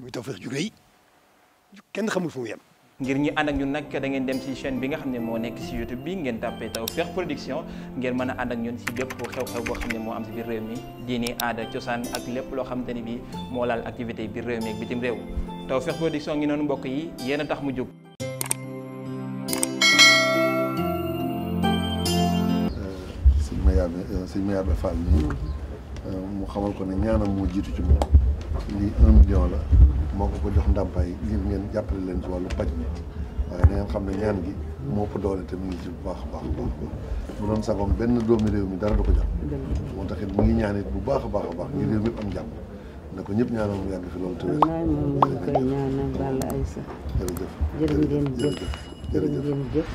muy Tawfekh ju kenn xamul fu mu ngir ñi ànd ak ñun nag da ngeen dem ci chaîne bi nga xam ne moo nekk ci YouTube bi ngeen tàppee Tawfekh Production ngeen mën a ànd ak ñun ci bépp xew-xew boo xam ne moo am ci biir réew mi diini aada cosaan ak lépp loo xamante ni bi moo laal activité biir réew mi ak bitim réew Tawfekh Production ngi noonu mbokk yi yéen a tax mu jóg. Euh, sëñ Mayabe euh, sëñ Mayabe euh, mu xamal ko ne ñaanam moo lii un million la moo ko ko jox ndàmpaay ngir ngeen jàppale leen ci wàllu paj mi waaye na ngeen xam ne ñaan gi moo ëpp doole te mu ngi ci bu baax baax baax bu doon sagoom benn doomi réew mi dara du ko jàpp moo tax it mu ngi ñaan bu baax a baax baax ngir réew mi am jàmm na ko ñëpp ñaanal mu yàgg fi loolu tëwee moom ñu koy ñaanal Balla Aïssa jërëjëf jërë ngeen jëf jërë ngeen jëf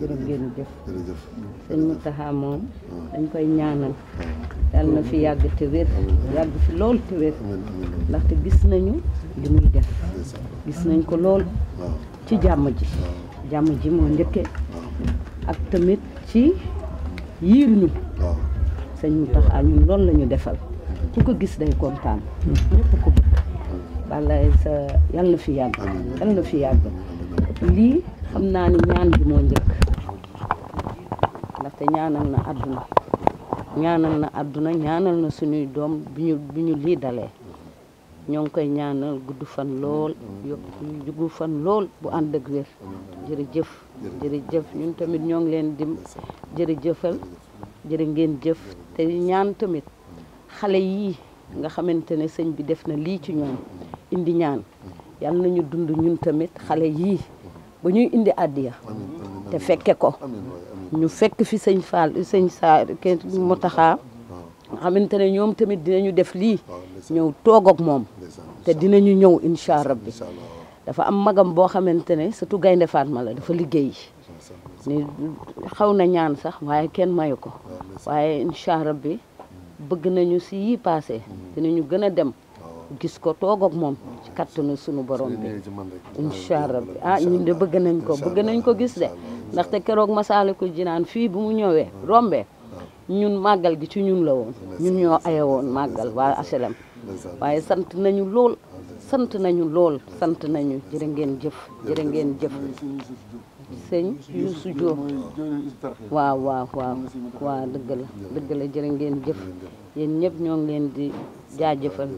jërë ngeen jëf jërëjëf sëñ Mountakha moom ah. dañ koy ñaanal ah. yàlla na fi yàgg te yàgg fi lool te ndaxte gis nañu li muy def gis nañ ko lool ci jàmm ji jàmm ji moo njëkke ak tamit ci yiir ñu sëñ mu tax a defal ku ko gis day kontaan ñëpp ko bëgg sa yàlla na fi yàgg yàlla na fi yàgg lii xam naa ni ñaan bi moo njëkk ndaxte ñaanal na àdduna ñaanal na àdduna ñaanal na suñuy doom bi ñu bi ñu lii dalee ñoo ngi koy ñaanal gudd fan lool yokk jugu fan lool bu ànd ak wér jërëjëf jërëjëf ñun tamit ñoo ngi leen di jërëjëfal jërë ngeen jëf te ñaan tamit xale yii nga xamante ne sëñ bi def na lii ci ñoom indi ñaan yal nañu dund ñun tamit xale yii ba ñuy indi àddiya te fekke ko ñu fekk fi sëñ Fall sëñ Saar kenn mu taxaa ah. nga xamante ne ñoom tamit dinañu def lii ah, ñëw toog moom te dinañu ñëw incha rabbi dafa am magam boo xamante ne surtout gaynde Fatma la dafa liggéey ni xaw na ñaan sax waaye kenn mayu ko ah, waaye incha rabbi hmm. bëgg nañu si yi passé hmm. dinañu gën a dem gis ko toog moom ci kattanu sunu borom bi incha rabbi ah ñun de bëgg nañ ko bëgg nañ ko gis de ndaxte keroog ko Jinaan fii bu mu ñëwee rombee ñun màggal gi ci ñun la woon ñun ñoo aye woon màggal waa HLM waaye sant nañu lool sant nañu lool sant nañu jërë ngeen jëf jërë ngeen jëf sëñ Youssou Diop waaw waaw waaw waaw dëgg la dëgg ngeen jëf yéen ñëpp ñoo leen di jaajëfal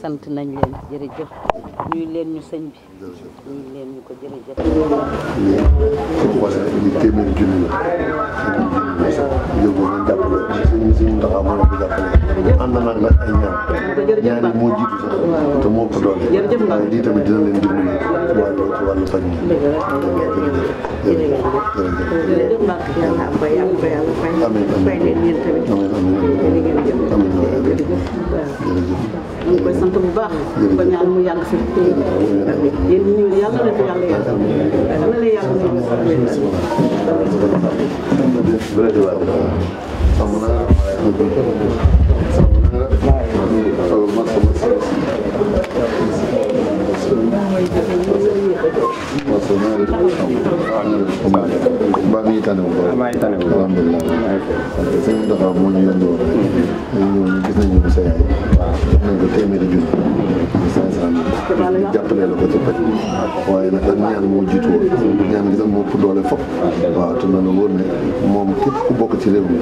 sant nañ leen jërëjëf ñuy leen ñu sëñ bi ñuy leen ñu ko jërëjëf ku xoole junni ñu jàppale sëñ sëñ Mountakha ay ñaan ñaan moo jiitu sax te moo ko doole tamit dina leen dimbali ci wàllu ci wàllu faj mi jërëjëf jërëjëf amiin amiin amiin ñu ngi koy sant bu baax di ko ñaan mu yàgg fi yéen ñi ñëw yàlla na fi yàlla yàgg yàlla na yàlla ñëw ba mi tanewul ba mi tanewul alhamdulilah sëñ bi dafa moo ñu yóndoo ñoom gis nañu bu sa yaay def nañ ko téeméeri junni cinq cent mille jàppale la ko ci paj waaye nag ak ñaan moo jiitu woon ñaan gi nag moo ëpp doole fop waaw te na la wóor ne moom képp ku bokk ci réew mi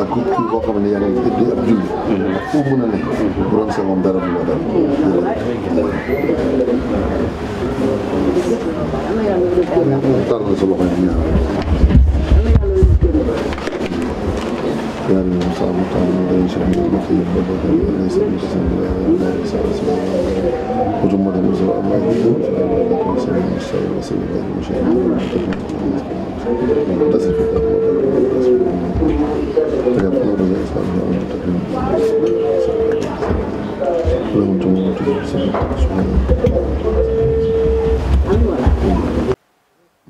ak ku kii koo xam ne yaa ngi di ab julli ak fu mën a ne bu doon sa moom dara du la dal ko sa loxo yi ñaanal yàlla na sa am taal ñu doon si ñu ko fi ko ko ñu sa ñu sa ñu la sa sa ko to mo dem so am ay ñu sa ko sa ñu sa sa ñu sa ñu das ist das das ja wurde das war ja und das und und so so